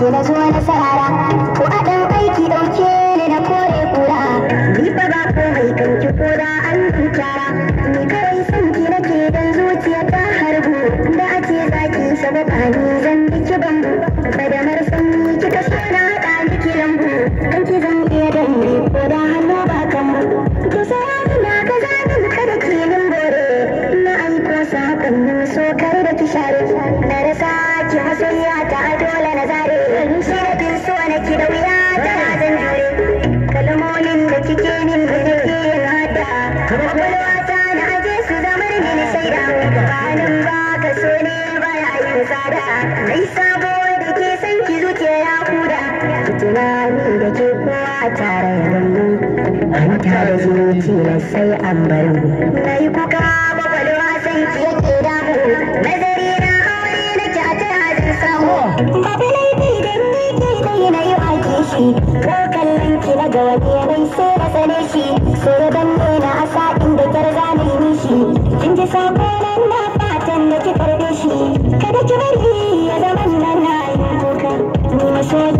ke na zuwa na sahara ko a ɗan aiki ɗauke ni na kore kura ni fa ba komai kan ko da an tucara ni kawai son ki nake dan zuciya ta harbu da ake ce zaki sabab ani zan biki da kadamar sanyi kika so na haɗa miki lambu kan ki zan iya danne ko da hannu ba kanmu ki sai na ka zanin kada ki nan bore na aiko saƙonnin so kar da ki share na rasa ki masoyiya ta dole na zare cikin yin ta na aje su zamar mini shaida ganin ba ka so ne ba ya yi tsada mai da ke san ki zuciya ya da ke kowa a tare da mu sai an bar laifi don ni dai na yi ake shi ko kallon na ga wani yanayi sai da sane shi so da a sa'in da kyar gane mishi kin ji sako nan na fatan da ki karbe shi kada ki bari ya zama nan na yin kuka ni